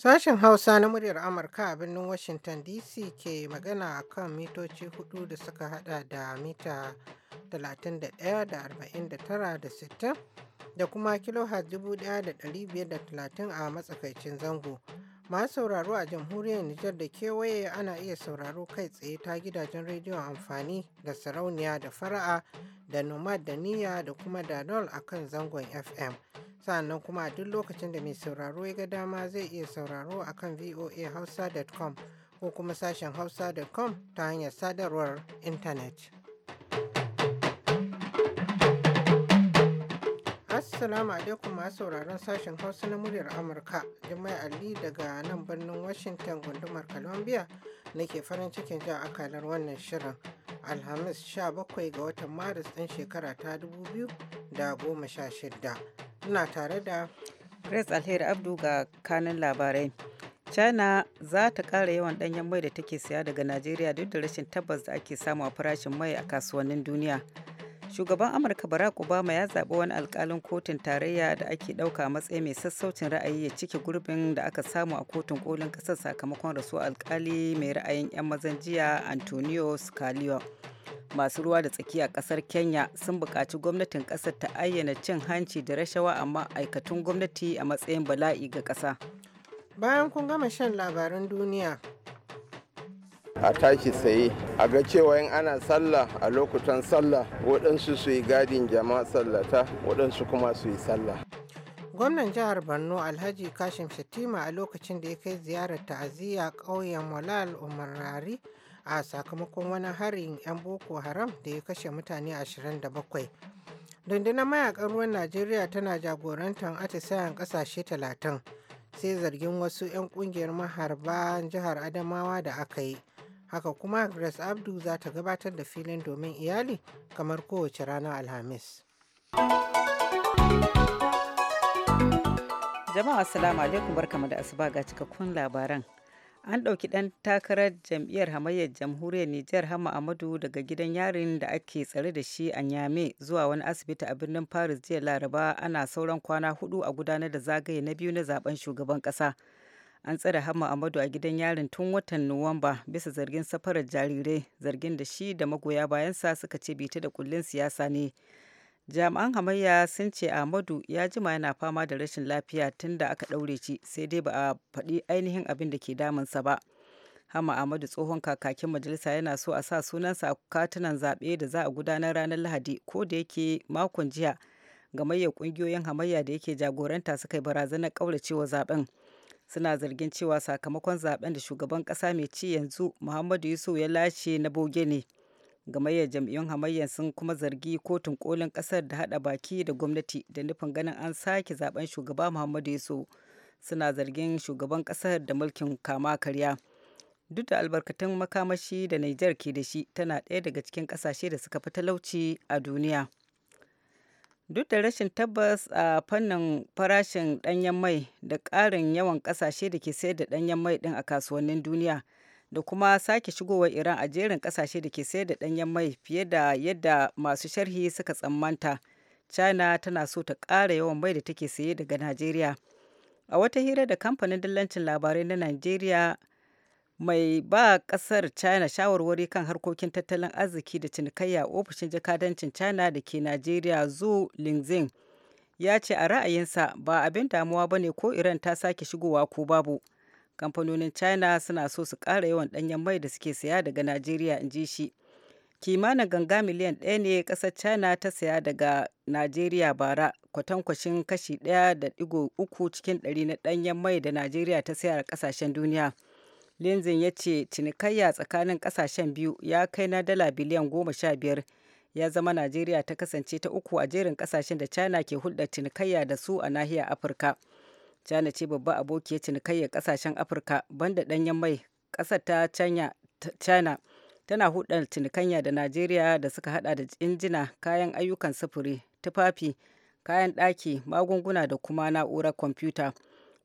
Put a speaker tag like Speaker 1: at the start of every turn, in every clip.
Speaker 1: Sashen Hausa na muryar Amurka a birnin Washington DC ke magana a kan mitoci hudu da suka hada da mita 31 da 49 da 60 da kuma kilohertz 1530 a matsakaicin zango. Masu sauraro a jamhuriyar Nijar da kewaye ana iya sauraro kai tsaye ta gidajen rediyon amfani da sarauniya da fara'a da nomad da niyya da kuma dadol a kan zangon FM. sannan kuma duk lokacin da mai sauraro ya ga dama zai iya sauraro a kan voahausa.com ko kuma sashen hausa.com ta hanyar sadarwar intanet. Assalamu alaikum masu sauraron sashen hausa na muryar Amurka, Jummai Ali daga nan birnin Washington gundumar Columbia nake farin cikin jan akalar wannan shirin. Alhamis 17 ga watan Maris ɗin shekara ta 2016. Ina tare da
Speaker 2: Grace Alheri Abdu ga kanin labarai. China za ta ƙara yawan ɗanyen mai da take siya daga Najeriya duk da rashin tabbas da ake samu a farashin mai a kasuwannin duniya. shugaban amurka barack obama ya zaɓi wani alkalin kotun tarayya da ake ɗauka a matsayi mai sassaucin ra'ayi ya cike gurbin da aka samu a kotun kolin ƙasar sakamakon rasu alkali mai ra'ayin 'yan mazan jiya antonio scalio masu ruwa da tsaki a ƙasar kenya sun buƙaci gwamnatin ƙasar ta ayyana cin hanci da rashawa a ma'aikatun gwamnati a matsayin bala'i ga ƙasa
Speaker 1: bayan kun gama shan labaran duniya
Speaker 3: a tashi tsaye a ga cewa yin ana sallah a lokutan sallah waɗansu su yi gadin jama'a sallata waɗansu kuma su yi sallah
Speaker 1: gwamnan jihar borno alhaji kashim shatima a lokacin da ya kai ziyarar ta'aziyya ƙauyen walal umarari a sakamakon wani harin 'yan boko haram da ya kashe mutane 27 Dundunar mayakan ruwan najeriya tana jagorantar atisayen ƙasashe 30 sai zargin wasu 'yan kungiyar maharba jihar adamawa da aka yi haka kuma grace abdu za ta gabatar da filin domin iyali kamar kowace ranar alhamis
Speaker 2: jama'a assalamu alaikum barkamu da asuba ga cikakkun labaran an ɗauki ɗan takarar jam'iyyar hamayyar jamhuriyar Nijar Hama Amadu daga gidan yarin da ake tsare da shi a Nyame zuwa wani asibiti a birnin Paris jiya Laraba ana sauran kwana hudu a gudanar da zagaye na biyu na zaben shugaban ƙasa. an tsare hama amadu a gidan yarin tun watan nuwamba bisa zargin safarar jarirai zargin da shi da magoya bayansa suka ce bita da kullin siyasa ne jami'an hamayya sun ce amadu ya jima yana fama da rashin lafiya tun da aka daure shi sai dai ba a faɗi ainihin abin da ke damunsa ba hama amadu tsohon kakakin majalisa yana so a sa sunansa a katunan zaɓe da za a gudanar ranar lahadi ko da yake makon jiya gamayyar ƙungiyoyin hamayya da yake jagoranta suka yi barazanar ƙauracewa zaɓen suna zargin cewa sakamakon zaben da shugaban kasa mai ci yanzu muhammadu yusuf ya lashe na boge ne gamayyar jam'iyyun hamayyar sun kuma zargi kotun kolin kasar da hada baki da gwamnati da nufin ganin an sake zaben shugaba muhammadu yusuf suna zargin shugaban kasar da mulkin kama karya duk da albarkatun makamashi da niger ke da shi tana ɗaya daga cikin ƙasashe da suka fi talauci a duniya duk da rashin tabbas a fannin farashin ɗanyen mai da ƙarin yawan ƙasashe da ke sayar da ɗanyen mai ɗin a kasuwannin duniya da kuma sake shigowar iran a jerin ƙasashe da ke sayar da ɗanyen mai fiye da yadda masu sharhi suka tsammanta china tana so ta ƙara yawan mai da take saye daga najeriya a wata hira da kamfanin dillancin labarai na najeriya mai ba kasar china shawarwari kan harkokin tattalin arziki da cinikayya ofishin jakadancin china da ke nigeria zu lingzing ya ce a ra'ayinsa ba abin damuwa ba ne ko iran ta sake shigowa ko babu kamfanonin china suna so su ƙara yawan ɗanyen mai da suke saya daga nigeria in ji shi kimanin ganga miliyan ɗaya ne ƙasar china ta saya daga nigeria bara kwatankwashin kashi ɗaya da digo uku cikin ɗari na ɗanyen mai da nigeria ta saya a ƙasashen duniya Lenzin ya ce cinikayya tsakanin kasashen biyu ya kai na dala biliyan goma sha biyar. Ya zama Najeriya ta kasance ta uku a jerin kasashen da China ke hulɗar cinikayya da su a nahiyar Afirka. China ce babba abokiyar cinikayyar kasashen Afirka banda ɗanyen mai ƙasar ta China, tana hulɗar cinikayya da Najeriya da suka hada da injina, kayan ayyukan sufuri, tufafi, kayan ɗaki, magunguna da kuma na'urar kwamfuta.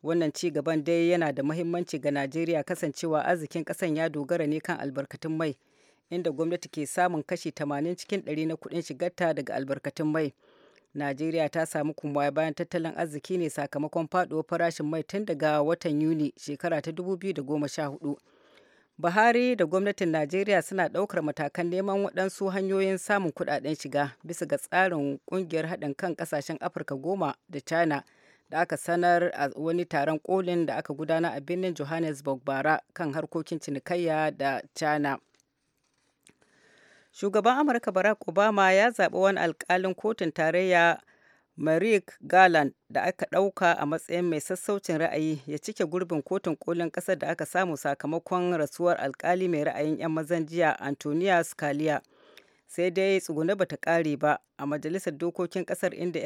Speaker 2: Wannan ci gaban dai yana da mahimmanci ga Najeriya kasancewa arzikin kasan ya dogara ne kan albarkatun mai, inda gwamnati ke samun kashi 80 cikin 100 na kuɗin shigarta daga albarkatun mai. Najeriya ta samu kuma bayan tattalin arziki ne sakamakon faɗuwar farashin mai tun daga watan Yuni shekara ta 2014. Buhari da gwamnatin Najeriya suna ɗaukar matakan neman waɗansu hanyoyin samun kuɗaɗen shiga bisa ga tsarin ƙungiyar haɗin kan ƙasashen Afirka goma da China da aka sanar a wani taron kolin da aka gudana a birnin johannesburg bara kan harkokin cinikayya da china shugaban amurka barack obama ya zaɓi wani alkalin kotun tarayya Marik Garland da aka ɗauka a matsayin mai sassaucin ra'ayi ya cike gurbin kotun kolin ƙasar da aka samu sakamakon rasuwar alkali mai ra'ayin 'yan mazan jiya Antonia Scalia. sai dai tsugune ta kare ba a majalisar dokokin kasar inda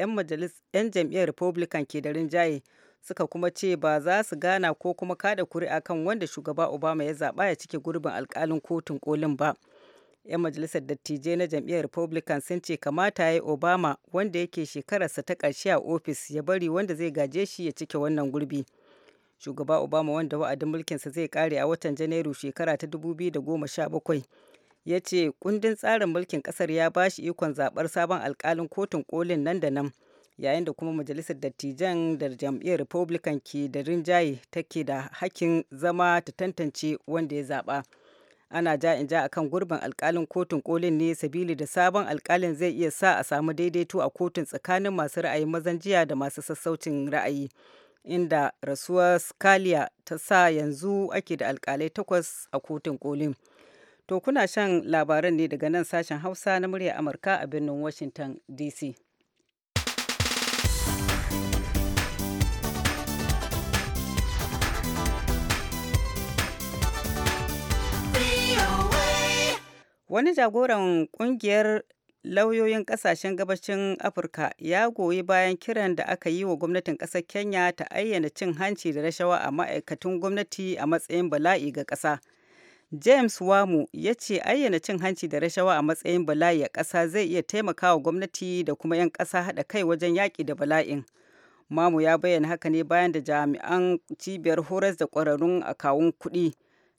Speaker 2: 'yan jam'iyyar republican ke da rinjaye suka kuma ce ba za su gana ko kuma kada kuri'a kan wanda shugaba obama ya zaba ya cike gurbin alkalin kotun kolin ba 'yan majalisar dattijai na jam'iyyar republican sun ce kamata ya yi obama wanda yake shekararsa ta karshe a ofis ya bari wanda zai gaje shi ya cike wannan gurbi shugaba obama wanda wa'adin mulkinsa zai kare a watan janairu shekara ta 2017 ya ce kundin tsarin mulkin kasar ya ba shi ikon zaɓar sabon alkalin kotun kolin nan da nan yayin da kuma majalisar dattijan da jam'iyyar republican ke da rinjaye take da hakkin zama ta tantance wanda ya zaɓa ana ja in ja akan gurbin alkalin kotun kolin ne sabili da sabon alkalin zai iya sa a samu daidaito a kotun tsakanin masu ra'ayin mazan jiya da masu sassaucin ra'ayi inda rasuwar scalia ta sa yanzu ake da alkalai takwas a kotun kolin To kuna shan labaran ne daga nan sashen Hausa na murya Amurka a birnin Washington DC. Wani jagoran kungiyar lauyoyin kasashen gabashin Afirka ya goyi bayan kiran da aka yi wa gwamnatin ƙasar Kenya ta ayyana cin hanci da rashawa a ma'aikatan gwamnati a matsayin bala'i ga ƙasa. James Wamu ya ce ayyana cin hanci da rashawa a matsayin bala'i a ƙasa zai iya taimakawa gwamnati da kuma 'yan ƙasa haɗa kai wajen yaƙi da bala'in. Mamu ya bayyana haka ne bayan da jami'an cibiyar horas da ƙwararrun akawun kuɗi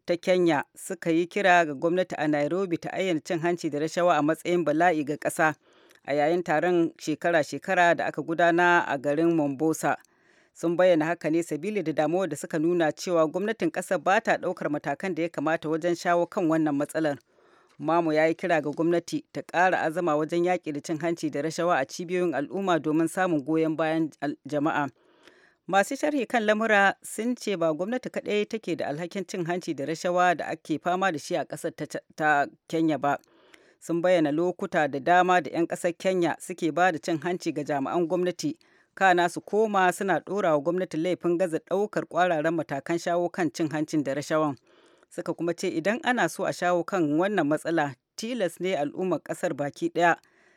Speaker 2: ta Kenya suka yi kira ga gwamnati a Nairobi ta ayyana cin hanci da rashawa a matsayin bala'i ga ƙasa a yayin taron shekara-shekara da aka gudana a garin Mombasa. sun bayyana haka ne sabili da damuwar da suka nuna cewa gwamnatin kasar ba ta ɗaukar matakan da ya kamata wajen shawo kan wannan matsalar mamu ya yi kira ga gwamnati ta ƙara azama wajen yaƙi da cin hanci da rashawa a cibiyoyin al'umma domin samun goyon bayan jama'a masu sharhi kan lamura sun ce ba gwamnati kaɗai take da alhakin cin hanci da rashawa da ake fama da shi a ƙasar ta kenya ba sun bayyana lokuta da dama da 'yan ƙasar kenya suke ba da cin hanci ga jami'an gwamnati kana su koma suna ɗora wa gwamnati laifin gaza ɗaukar ƙwararren matakan shawo kan cin hancin da rashawan suka kuma ce idan ana so a shawo kan wannan matsala tilas ne al'ummar ƙasar baki ɗaya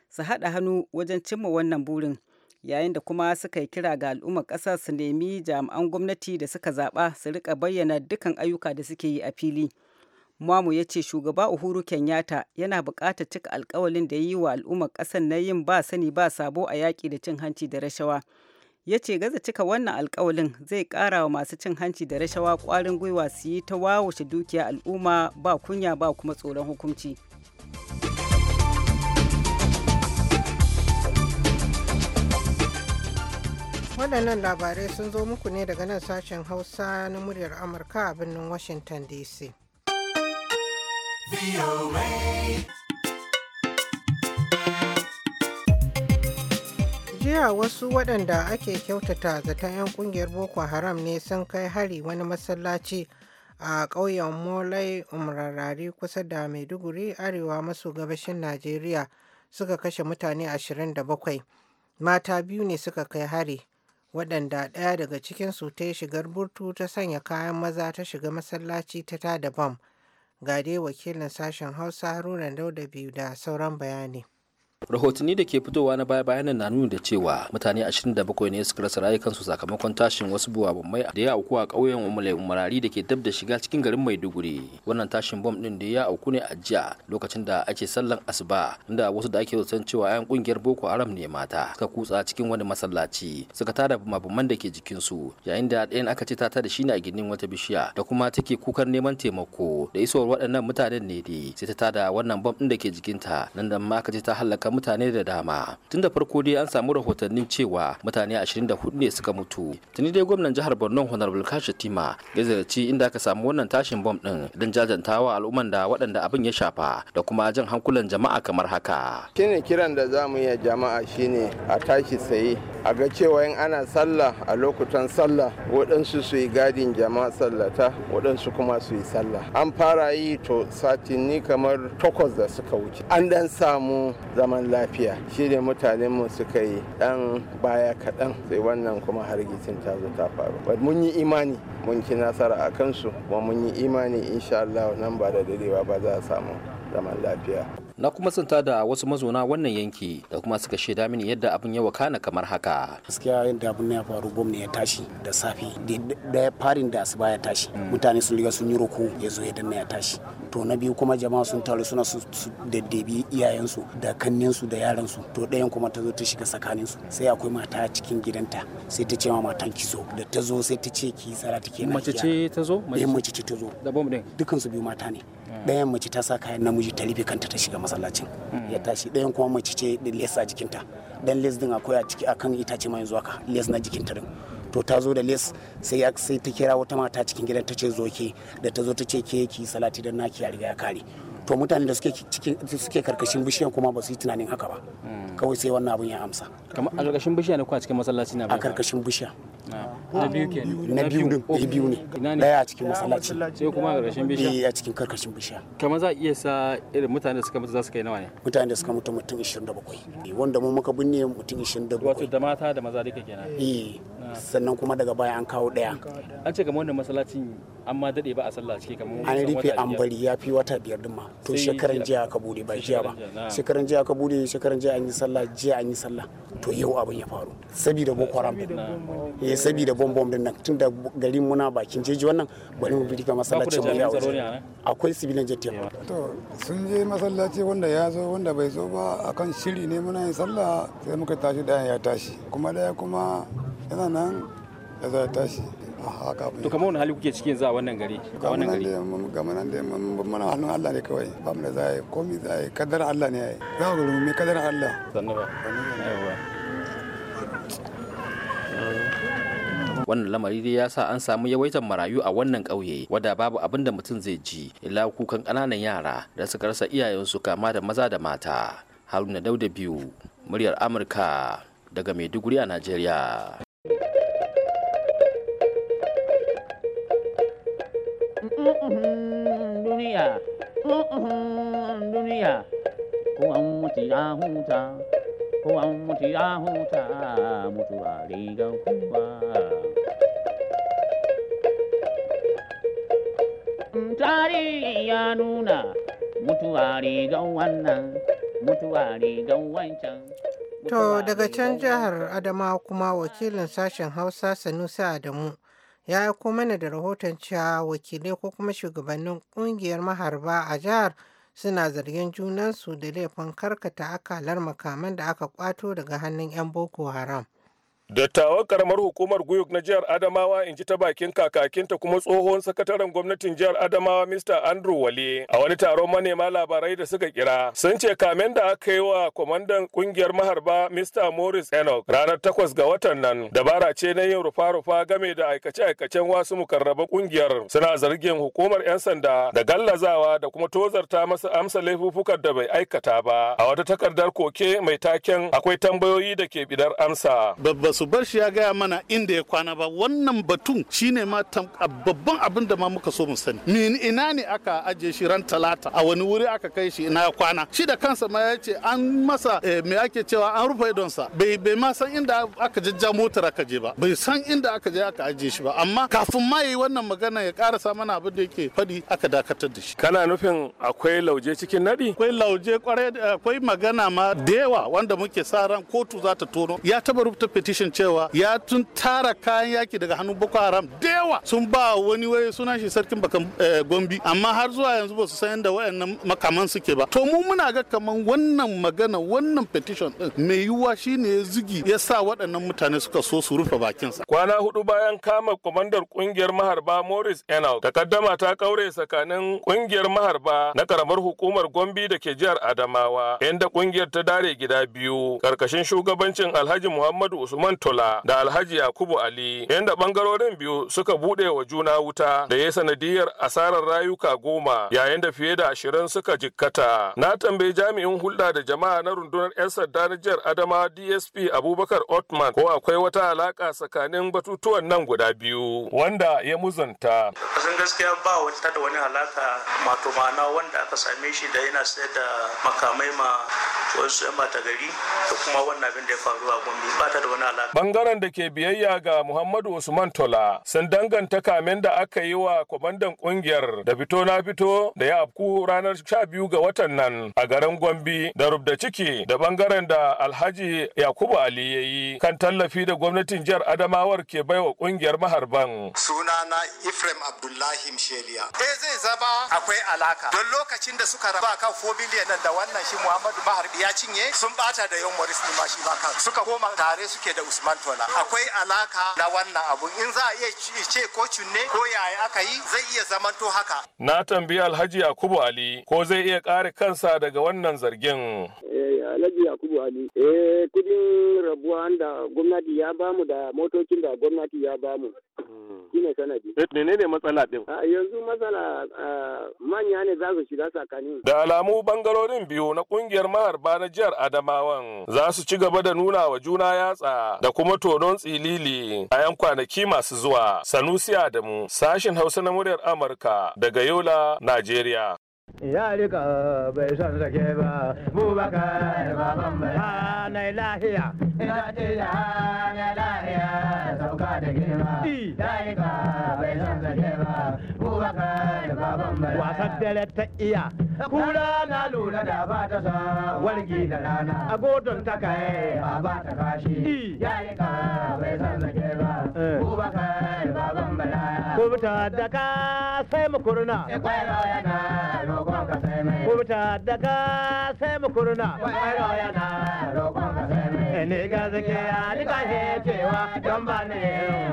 Speaker 2: su haɗa hannu wajen cimma wannan burin yayin da kuma suka yi kira ga al'ummar ƙasar su nemi jami'an gwamnati da suka zaɓa su rika bayyana dukkan ayyuka da suke yi a fili. Mwamu ya ce shugaba Uhuru Kenyatta yana buƙatar cika alkawalin da ya yi wa al'ummar ƙasar na yin ba sani ba sabo a yaƙi da cin hanci da rashawa. Ya ce gaza cika wannan alkawalin zai ƙara wa masu cin hanci da rashawa ƙwarin gwiwa su yi ta wawushe dukiya al'umma ba kunya ba kuma tsoron hukunci.
Speaker 1: waɗannan labarai sun zo muku ne daga nan sashen hausa na muryar amurka a birnin washington dc jiya wasu waɗanda ake kyautata zaton 'yan ƙungiyar boko haram ne sun kai hari wani masallaci a ƙauyen molai umrarari kusa da maiduguri arewa maso gabashin najeriya suka kashe mutane 27 mata biyu ne suka kai hari waɗanda ɗaya daga cikinsu ta yi shigar burtu ta sanya kayan maza ta shiga masallaci ta tada bam. ga dai wakilin sashen Hausa Haruna Dauda da sauran bayani.
Speaker 4: rahotanni da ke fitowa na baya bayanan na nuni da cewa mutane 27 ne suka rasa rayukansu sakamakon tashin wasu buwabummai da ya auku a ƙauyen umulai umarari da ke dab da shiga cikin garin maiduguri wannan tashin bom din da ya auku ne a jiya lokacin da ake sallan asuba inda wasu da ake zaton cewa 'yan kungiyar boko haram ne mata suka kutsa cikin wani masallaci suka tada mabumman da ke jikinsu yayin da ɗayan aka ce ta tada shi ne a ginin wata bishiya da kuma take kukar neman taimako da isowar waɗannan mutanen ne dai sai ta tada wannan bom din da ke jikinta nan da ma aka ce ta halaka mutane da dama tun da farko dai an samu rahotannin cewa mutane 24 ne suka mutu tuni dai gwamnan jihar borno honorable kashi tima ya ziyarci inda aka samu wannan tashin bom din don jajantawa al'umman da waɗanda abin ya shafa da kuma jan hankulan jama'a kamar haka
Speaker 3: shine kiran da za mu yi jama'a shine a tashi tsaye a ga cewa in ana sallah a lokutan sallah waɗansu su yi gadin jama'a sallata waɗansu kuma su yi sallah an fara yi to satinni kamar takwas da suka wuce an dan samu zaman zaman lafiya shi ne mutanen mu suka yi dan baya kaɗan sai wannan kuma hargitsin ta zo ta faru mun yi imani mun ci nasara a kansu kuma mun yi imani insha Allah nan ba da dadewa ba za a samu zaman lafiya
Speaker 4: na kuma santa da wasu mazauna wannan yanki da kuma suka shaida mini yadda abin ya wakana kamar haka gaskiya
Speaker 5: yadda abin ya faru bom ne ya tashi da safe da farin da asuba ya tashi mm. mutane sun riga sun yi roko ya zo ya danna ya tashi to na biyu kuma jama'a sun taru suna su daddebi iyayensu da kanninsu da yaransu to ɗayan kuma ta zo ta shiga tsakaninsu sai akwai mata a cikin gidanta sai ta ce ma matan ki zo da ta zo sai ta ce ki tsara take na mace ce ta zo eh, mace ce ta zo da bom din dukansu biyu mata ne ɗayan mace ta sa kayan namiji ta rufe kanta ta shiga masallacin ya tashi ɗayan kuma mace ce da les a jikinta dan les din akwai a ciki akan itace ma yanzu haka les na jikinta din to ta zo da les sai ya sai ta kira wata mata cikin gidan ta ce zo da ta zo ta ce ke ki salati dan naki ya riga ya kare to mutane da suke cikin suke karkashin bishiyan kuma ba su yi tunanin haka ba hmm. kawai sai wannan abun ya amsa kamar a
Speaker 4: karkashin bishiya ne ko
Speaker 5: a cikin masallaci na a karkashin bishiya
Speaker 4: na biyu kenan na biyu biyu eh, ne daya a cikin masallaci sai kuma a ƙarshen bishiya eh, a
Speaker 5: cikin karkashin bishiya
Speaker 4: kamar za a iya sa irin mutane da suka mutu za su kai nawa ne
Speaker 5: mutane da suka mutu mutum 27 eh, wanda mu muka binne mutum 27 wato da mata da maza duka kenan eh sannan kuma daga baya an kawo daya an ce kamar wannan masallacin
Speaker 4: an ma dade ba a sallah cikin kamar an rufe an bari
Speaker 5: ya fi wata biyar din ma to shekaran jiya ka bude ba jiya ba shekaran jiya ka bude shekaran jiya an yi sallah jiya an yi sallah to yau abin ya faru saboda boko haram eh saboda bombom din nan tunda garin muna bakin jeji wannan bari mu bidika masallacin mu ya wuce akwai civilian jet to sun je masallaci wanda ya zo wanda bai zo ba akan shiri ne muna yin sallah sai muka tashi da ya tashi kuma daya kuma yana nan ya za tashi to kamar wani hali kuke ciki yanzu a wannan gari a wannan gari ga manan da mana hannun Allah ne kawai ba mu da zai komi zai kadar Allah ne yayi za mu ga kadar Allah
Speaker 4: sannan ba wannan lamari dai ya sa an samu yawaitar marayu a wannan ƙauye wadda babu abin da mutum zai ji ila kukan ƙananan yara da suka rasa iyayensu kama da maza da mata haruna dauda biyu muryar amurka daga maiduguri a najeriya
Speaker 5: duniya duniya ko an mutu ya huta mutu ya huta mutuwa rigar kowa
Speaker 1: tarihi ya nuna
Speaker 5: mutuwa rigan wannan mutuwa rigan wancan To daga
Speaker 1: can jihar Adama kuma wakilin sashen Hausa Sanusi Adamu ya aiko mana da rahoton cewa wakilai ko kuma shugabannin kungiyar maharba a jihar suna zargin junansu da laifin karkata akalar makaman da aka kwato daga hannun 'yan Boko Haram.
Speaker 6: Dattawan karamar hukumar Guyuk na jihar Adamawa in ji ta bakin kakakinta kuma tsohon sakataren gwamnatin jihar Adamawa Mr. Andrew Wale a wani taron manema labarai da suka kira. Sun ce kamen da aka yi wa kwamandan kungiyar maharba Mr. Morris Enoch ranar takwas ga watan nan dabara ce na yin rufa-rufa game da aikace-aikacen wasu mukarraba kungiyar suna zargin hukumar 'yan sanda da gallazawa da kuma tozarta masa amsa laifuffukan da bai aikata ba. A wata takardar koke mai taken akwai tambayoyi da ke bidar amsa. su bar shi ya gaya mana inda ya kwana ba wannan batun shine ma babban abin da ma muka so mu sani min ina ne aka ajiye shi ran talata a wani wuri aka kai shi ina ya kwana shi da kansa ma ya ce an masa eh, me ake cewa an rufe sa bai bai ma san inda aka jajja motar aka je ba bai san inda aka je aka ajiye shi ba amma kafin ma yi wannan magana ya karasa mana abin da yake faɗi aka dakatar da shi kana nufin akwai lauje cikin nadi akwai lauje kwarai akwai magana ma da yawa wanda muke sa ran kotu za ta tono ya taba rubuta petition rashin cewa ya tun tara kayan yaki daga hannun boko haram da sun ba wani waye sunan shi sarkin bakan eh, gombi amma har zuwa yanzu ba su san yadda wayannan makaman suke ba to mu muna ga kaman wannan magana wannan petition din mai yiwuwa shine ya zigi ya sa waɗannan mutane suka so su rufe bakinsa kwana hudu bayan kama kwamandar kungiyar maharba morris enal takaddama ta kaure tsakanin kungiyar maharba na karamar hukumar gombi da ke jihar adamawa inda kungiyar ta dare gida biyu karkashin shugabancin alhaji muhammadu usman Tola da Alhaji Yakubu Ali Yadda ɓangarorin biyu suka bude wa juna wuta da ya sanadiyar asarar rayuka goma yayin da fiye da ashirin suka jikkata. Na tambayi jami'in hulɗa da jama'a na rundunar 'yan sanda na jihar Adama DSP Abubakar Otman ko akwai wata alaƙa tsakanin batutuwan nan guda biyu wanda ya muzanta. Kasan gaskiya ba
Speaker 5: wata da wani alaƙa mato ma'ana wanda aka same shi da yana sayar da makamai ma wasu 'yan mata gari da kuma wannan abin da ya faru a gombe ba ta da wani alaƙa.
Speaker 6: bangaren da ke biyayya ga muhammadu usman tola sun danganta kamen da aka yi wa kwamandan kungiyar da fito na fito da ya afku ranar sha biyu ga watan nan a garin gombe da rubda ciki da bangaren da alhaji yakubu ali ya yi kan tallafi da gwamnatin jihar adamawar ke baiwa kungiyar maharban.
Speaker 5: sunana ifrem abdullahi sheliya E, eh, zai zama
Speaker 6: akwai alaka
Speaker 5: don lokacin da suka raba kan 4 biliyan da wannan shi muhammadu maharbi ya cinye sun bata da yan Morris din ma shi kan suka koma tare suke da usman tola akwai alaka na wannan abu in za a iya ce ko cunne ko yaya aka yi zai iya zamanto
Speaker 7: haka
Speaker 6: na tambayi alhaji yakubu ali ko zai iya kare kansa daga wannan zargin
Speaker 7: eh, Alhaji Yakubu Ali. Eh kudin rabuwa da gwamnati ya bamu da motocin da gwamnati ya bamu. Shine sanadi. Eh, Mene ne matsala din? yanzu matsala manya ne za su shiga tsakani. Da
Speaker 6: alamu bangarorin biyu na kungiyar maharba Adamawa na jihar Adamawan za su ci gaba da nuna wa juna yatsa da kuma tonon tsilili a 'yan kwanaki masu zuwa. Sanusi Adamu, sashin Hausa na muryar Amurka daga Yola, Najeriya.
Speaker 5: ya rika bai son sake ba
Speaker 1: bubakar baban mai hana lahiya ina ce da hana lahiya sauka da girma ya rika bai son sake ba bubakar
Speaker 5: wasan dare ta iya kura na lura da ba ta sa da rana a godon ta kai ba ba ta kashi ka bai san ba eh.
Speaker 4: ko
Speaker 1: ba kai bala ko
Speaker 5: ta da ka sai mu e ka
Speaker 1: sai mai ko ta da sai mu ka sai ni gaske ya ni kashe cewa don ba ni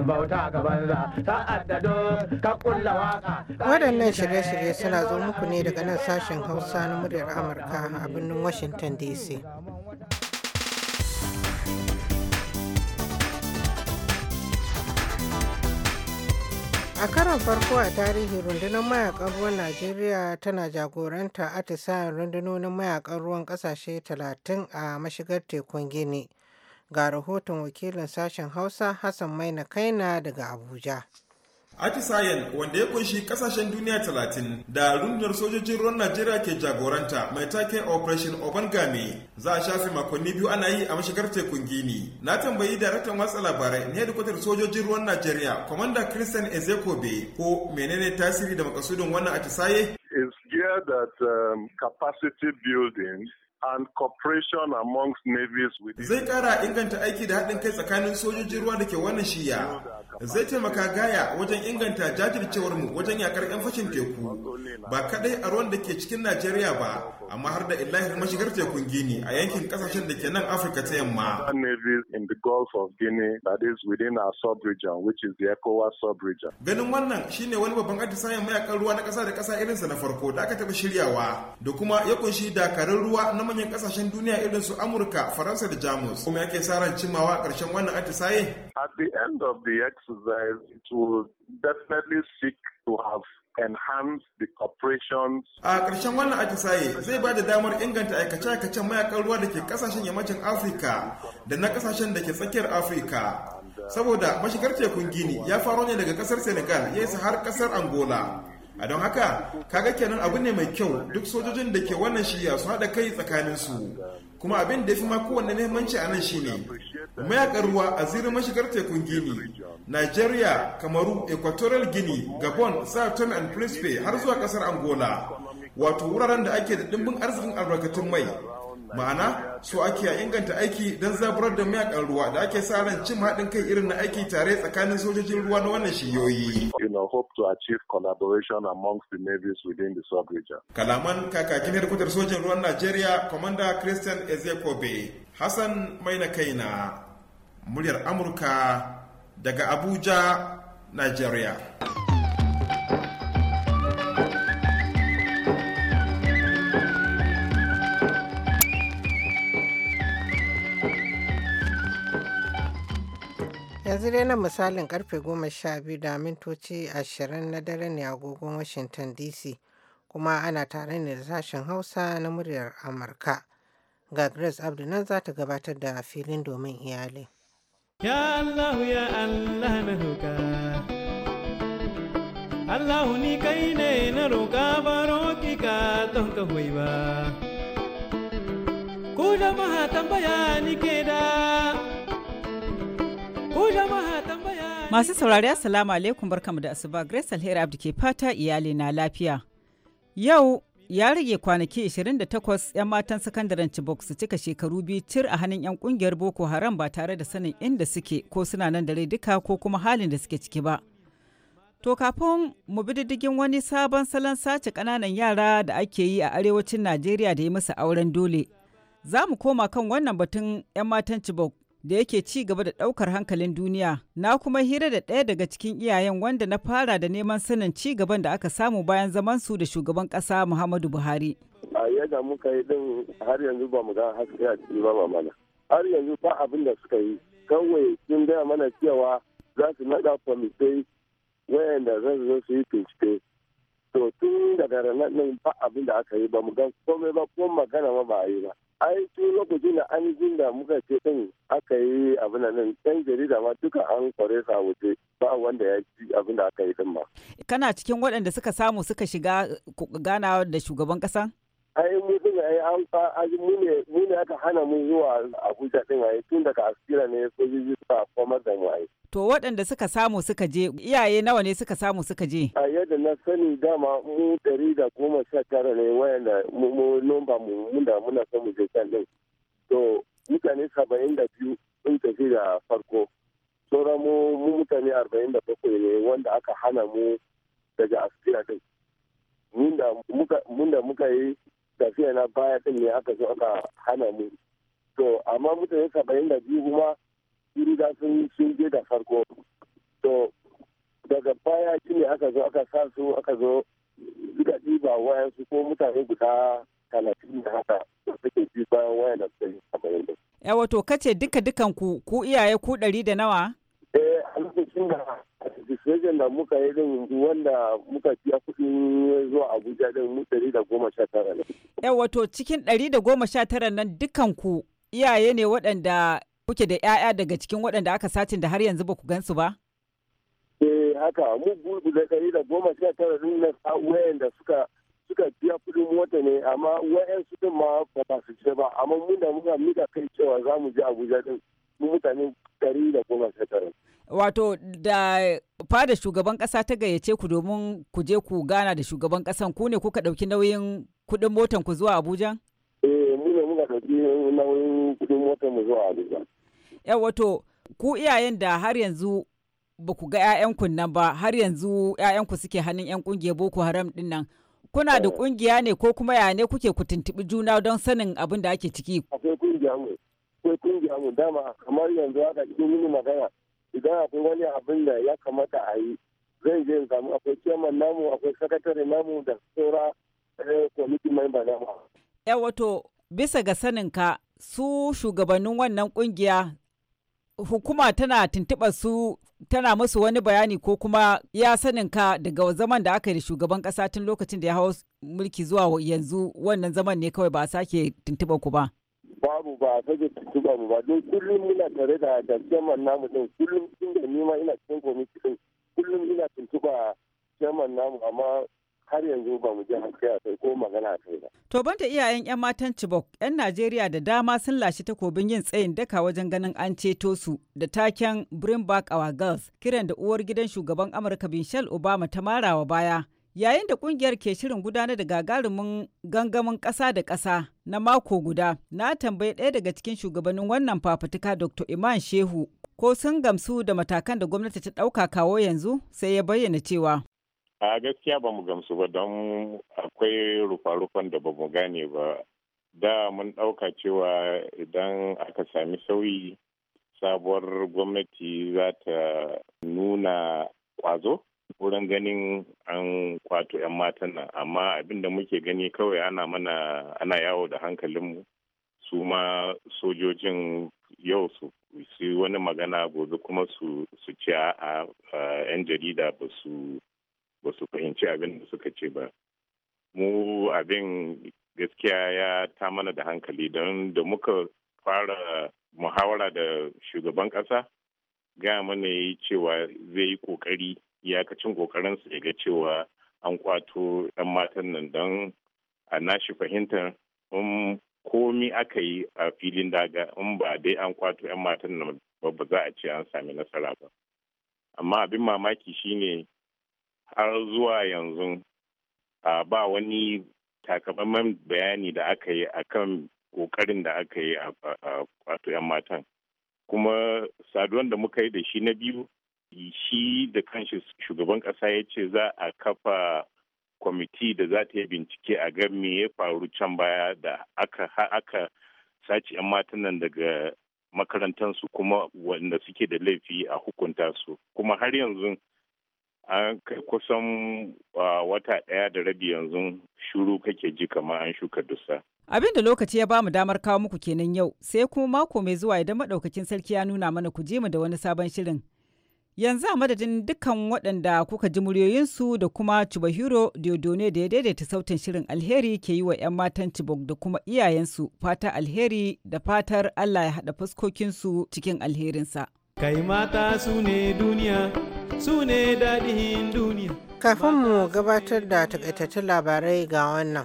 Speaker 1: bauta ga banza sa'ad da do ka kulla waka waɗannan shirye-shirye suna zo muku ne daga nan sashen hausa na muryar amurka a birnin washington dc a karon farko a tarihi rundunar mayakan ruwan najeriya tana jagoranta atisayen rundunonin mayakan ruwan kasashe 30 a mashigar tekun gini ga rahoton wakilin sashen hausa hassan maina kaina daga abuja
Speaker 3: atisayen wanda ya kunshi kasashen duniya 30 da rundunar sojojin ruwan najeriya ke jagoranta mai take operation obangame za a shafe makonni biyu ana yi a mashigar tekun gini na tambayi daraktan watsa labarai na hedikwatar sojojin ruwan najeriya kwamandan christian ezekobe ko menene tasiri da makasudin
Speaker 8: wannan atisaye is geared at um, capacity building and cooperation amongst navies with
Speaker 3: Zai kara inganta aiki da haɗin kai tsakanin sojojin ruwa da ke wannan shiya. Zai taimaka gaya wajen inganta jajircewar mu wajen yakar 'yan fashin teku. Ba kadai a ruwan da ke cikin Najeriya ba, amma har da illahir mashigar tekun
Speaker 8: Gini a yankin kasashen da ke nan Afirka ta yamma. of within sub
Speaker 3: Ganin wannan shine wani babban atisayen mayakan ruwa na ƙasa da ƙasa irinsa na farko da aka taɓa shiryawa da kuma ya ƙunshi dakarun ruwa na manyan kasashen duniya irin su Amurka, Faransa da Jamus. Kuma yake sa ran cimmawa ƙarshen wannan atisaye?
Speaker 8: At the
Speaker 7: end of the exercise, it will definitely seek to have enhance the cooperation. A ƙarshen wannan atisaye zai
Speaker 3: ba da damar inganta aikace-aikacen mayakan ruwa da ke kasashen yammacin Afirka da na ƙasashen da ke tsakiyar Afirka. Saboda mashigar tekun Gini ya faro ne daga ƙasar Senegal ya isa har kasar Angola. a don haka kaga kenan abu ne mai kyau duk sojojin da ke wannan shirya su haɗa kai tsakanin su kuma abin da ya fi ma kowanne muhimmanci a nan shine mayakan ruwa a zirin mashigar tekun gini nigeria kamaru equatorial gini gabon sao tome and principe har zuwa kasar angola wato wuraren da ake da dimbin arzikin albarkatun mai ma'ana so ake a inganta aiki don zaburar da mayakan ruwa da ake sa ran cin haɗin kai irin na aiki tare tsakanin sojojin ruwa na wannan shiyoyi. Kalaman kakakin hedkwatar sojan ruwan Najeriya, Commander Christian Ezekobe, Hassan Maina Kaina, muryar Amurka daga Abuja, Najeriya.
Speaker 1: dai na misalin karfe 12 da mintoci 20 na dare ne agogon Washington DC kuma ana tare ne da sashen Hausa na muryar Amurka. Ga Grace Abdu nan za ta gabatar da filin domin iyali.
Speaker 2: Ya Allah
Speaker 1: ya Allah na roka Allah ni kai ne na roka baro ki ka don ka ba.
Speaker 2: Ku jama'a
Speaker 9: tambaya ni ke da.
Speaker 2: Masu saurari Assalamu alaikum barkamu da asuba Grace Alheri Abdi ke fata iyali na lafiya. Yau ya rage kwanaki 28 'yan matan sakandaren Chibok su cika shekaru biyu cir a hannun 'yan kungiyar Boko Haram ba tare da sanin inda suke ko suna nan da duka ko kuma halin da suke ciki ba. To kafin mu bi diddigin wani sabon salon sace kananan yara da ake yi a arewacin Najeriya da yi musu auren dole. Za mu koma kan wannan batun 'yan matan Chibok da yake ci gaba da ɗaukar hankalin duniya na kuma hira da ɗaya daga cikin iyayen wanda na fara da neman sanin ci gaban da aka samu bayan zaman su da shugaban ƙasa muhammadu buhari
Speaker 7: a yadda muka yi din har yanzu ba mu ga haske a cikin ba mana har yanzu ba abin da suka yi kawai sun gaya mana cewa za su naɗa kwamitai wayanda da zan zo su yi bincike to tun daga ranar ba abin da aka yi ba mu ga komai ba ko magana ma ba a yi ba ai tun lokacin da an da muka ce din aka yi abin nan yan jarida ma duka an kware sa waje ba wanda ya ci abin da aka yi din ma
Speaker 2: kana cikin waɗanda suka samu suka shiga ganawa da shugaban ƙasa
Speaker 7: ai mu sun ai an fa mu ne aka hana mu zuwa Abuja din ai tun daga Asira ne sojoji suka komar da mu ai
Speaker 2: to waɗanda suka samu suka je iyaye nawa ne suka samu suka je
Speaker 7: a yadda na sani dama mu dari da goma sha tara ne wayanda mu nomba mu muna muna son mu je can din to mutane saba'in da biyu sun tafi da farko sauran mu mutane arba'in da bakwai ne wanda aka hana mu daga Asira din mun da muka yi tafiya na baya din ne aka zo aka hana mu to amma mutane saba'in da biyu kuma sun riga sun sun je da farko to daga baya shi ne aka zo aka sa su aka zo suka ɗiba wayan su ko mutane guda talatin da haka suke bi bayan wayan da suka yi saba'in da.
Speaker 2: yawa to kace duka dukan ku ku iyaye ku ɗari da nawa.
Speaker 7: wajen da muka yi din wanda muka biya kuɗin zuwa abuja din mu ɗari da goma sha tara ne.
Speaker 2: yawa to cikin ɗari da goma sha tara nan
Speaker 7: dukkan ku
Speaker 2: iyaye ne waɗanda kuke da 'ya'ya daga cikin waɗanda aka satin da har yanzu ba ku gansu ba?
Speaker 7: eh haka mu gurbi da ɗari da goma sha tara din na da suka suka biya kuɗin mota ne amma wayansu su ma ba su je ba amma mun da muka mika kai cewa za mu je abuja din mu mutane ɗari da goma sha tara.
Speaker 2: wato da fada shugaban kasa ta gayyace ku domin ku je ku gana da shugaban kasan ku ne kuka ɗauki nauyin kuɗin motan ku zuwa Abuja?
Speaker 7: Eh, mu ne muka dauki nauyin kuɗin motan mu zuwa Abuja.
Speaker 2: Yau wato ku iyayen da har yanzu ba ku ga 'ya'yanku nan ba har yanzu 'ya'yanku suke hannun 'yan kungiyar Boko Haram din nan. Kuna da kungiya eh. ne ko kuma ya ne kuke ku tuntubi juna don sanin abin da ake ciki?
Speaker 7: Akwai kungiya mu, akwai kungiya mu dama kamar yanzu haka cikin mini magana idan akwai wani abin da ya kamata a yi zai je samu akwai chairman namu akwai sakatare namu da saura kwamiti eh, memba namu.
Speaker 2: Ya eh, wato bisa ga saninka su shugabannin wannan kungiya hukuma tana tuntuɓa su tana musu wani bayani ko kuma ya saninka daga zaman da aka yi da shugaban ƙasa tun lokacin da ya hau mulki zuwa yanzu wannan zaman ne kawai ba a sake tuntuɓa ku ba.
Speaker 7: babu ba sake tuntuɓa mu ba don kullum muna tare da gaskiyar namu din kullum tun da ni ma ina cikin komiti din kullum ina tuntuɓa chairman namu amma har yanzu ba mu ji haske a ko magana a kai ba.
Speaker 2: To banta iyayen 'yan matan Chibok, 'yan Najeriya da dama sun lashe takobin yin tsayin daka wajen ganin an ceto su da taken Bring Back Our Girls, kiran da uwar gidan shugaban Amurka Michelle Obama ta marawa baya. yayin da kungiyar ke shirin gudanar da gagarumin gangamin ƙasa da ƙasa na mako guda na tambayi ɗaya daga cikin shugabannin wannan fafutuka dr iman shehu ko sun gamsu da matakan da gwamnati ta ɗauka kawo yanzu sai ya bayyana cewa
Speaker 8: a gaskiya ba mu gamsu ba don akwai rufa-rufan da ba mu gane ba da mun ɗauka cewa idan aka sami sauyi sabuwar gwamnati za ta nuna ƙwazo wurin ganin an kwato 'yan matan na amma abin da muke gani kawai ana mana ana yawo da hankalinmu su ma sojojin yau su yi wani magana gobe kuma su ce a 'yan jarida ba su fahimci abin da suka ce ba mu abin gaskiya ya ta mana da hankali don da muka fara muhawara da shugaban ƙasa gaya mana ya yi cewa zai yi ƙoƙari iyakacin kokarinsa ya ga cewa an kwato ɗan matan nan don a nashi fahimtar in komi aka yi a filin daga in ba dai an kwato 'yan matan nan ba ba za a ce an sami nasara ba amma abin mamaki shine har zuwa yanzu ba wani takamaiman bayani da aka yi a kan kokarin da aka yi a kwato 'yan matan kuma saduwan da muka yi da shi na biyu shi da kanshi shugaban kasa ya ce za a kafa kwamiti da za ta yi bincike a ga me ya faru can baya da aka aka sace 'yan matan nan daga makarantansu kuma wanda suke da laifi a hukunta su kuma har yanzu an kai kusan wata ɗaya da rabi yanzu shuru kake ji kamar an shuka dusa.
Speaker 2: Abin da lokaci ya bamu damar kawo muku kenan yau sai kuma mako mai zuwa idan madaukakin sarki ya nuna mana ku je mu da wani sabon shirin. Yanzu a madadin dukkan waɗanda kuka ji muryoyinsu da kuma Chubahiro Diodone da ya daidaita sautin shirin alheri ke yi wa 'yan matan Chibok da kuma iyayensu fata alheri da fatar Allah ya haɗa fuskokinsu cikin alherinsa. Kai mata su ne duniya, su ne daɗin duniya. Kafin mu gabatar da takaitattun
Speaker 1: labarai ga wannan.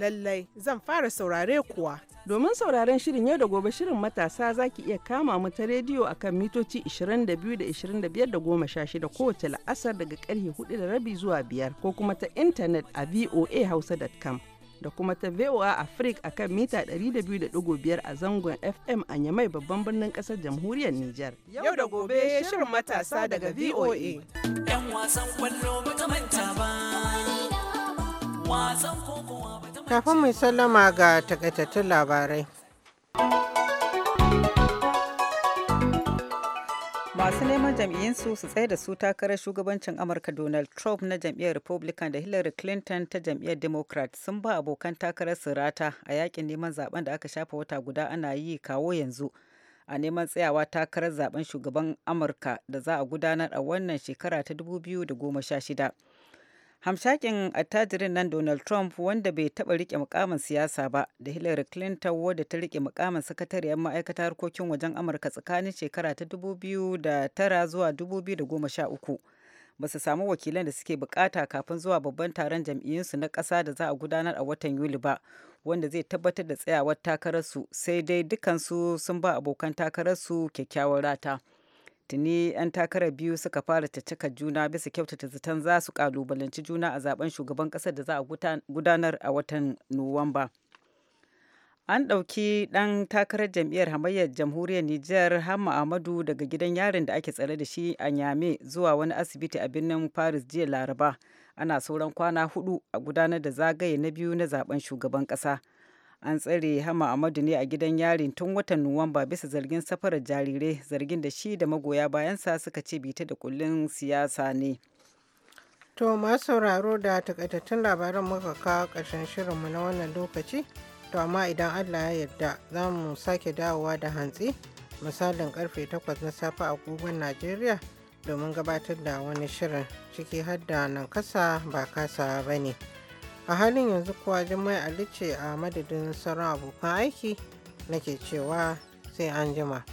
Speaker 9: Lallai zan fara saurare kuwa. Domin sauraren shirin yau da gobe shirin matasa za ki iya kama mu ta rediyo a kan mitoci 22 da 25 da 16 kowace la'asar daga karfe 4 da rabi zuwa biyar ko kuma ta intanet a voahausa.com. da kuma ta VOA Africa a kan mita 200.5 a zangon FM a Yamai babban birnin kasar jamhuriyar Nijar. Yau da gobe shirin matasa daga VOA. Yan wasan kwallo manta ba. Wasan
Speaker 2: kokowa ba
Speaker 1: Kafin mai sallama ga takaitattun labarai.
Speaker 2: masu neman jam'iyyinsu su tsaye da su takarar shugabancin amurka donald trump na jam'iyyar republican da hillary clinton ta jam'iyyar democrat sun ba abokan takarar su a yakin neman zaben da aka shafa wata guda ana yi kawo yanzu a neman tsayawa takarar zaben shugaban amurka da za a gudanar a wannan shekara ta 2016 hamshakin attajirin nan donald trump wanda bai taba rike mukamin siyasa ba da hillary clinton wadda ta rike mukamin sakatariyar ma'aikatar harkokin wajen amurka tsakanin shekara ta 2009 zuwa 2013 ba su samu wakilan da suke bukata kafin zuwa babban taron jam'iyyunsu na kasa da za a gudanar a watan yuli ba wanda zai tabbatar da tsayawar takararsu sai dai dukansu sun ba abokan takararsu kyakkyawar rata tuni 'yan takarar biyu suka fara caccaka juna bisa kyautata zaton za su kalubalanci juna a zaben shugaban kasar da za a gudanar a watan nuwamba an ɗauki ɗan takarar jam'iyyar hamayyar jamhuriyar niger hamma amadu daga gidan yarin da ake tsare da shi a nyame zuwa wani asibiti a birnin paris jiya laraba ana sauran kwana hudu a gudanar da zagaye na biyu na zaben shugaban ƙasa. an tsare hama amadu ne a gidan yarin tun watan nuwamba bisa zargin safarar jarirai zargin da shi da magoya bayansa suka ce bita da kullun siyasa ne
Speaker 1: to masu sauraro da takaitattun labaran muka kawo ƙarshen shirinmu na wannan lokaci to amma idan allah ya yarda za mu sake dawowa da hantsi misalin karfe 8 na safe a agogon najeriya domin gabatar da wani shirin ciki har da nan kasa ba kasa ba ne. A halin yanzu kuwa jima'i Ali ce a madadin sauran abokan aiki nake cewa sai an jima.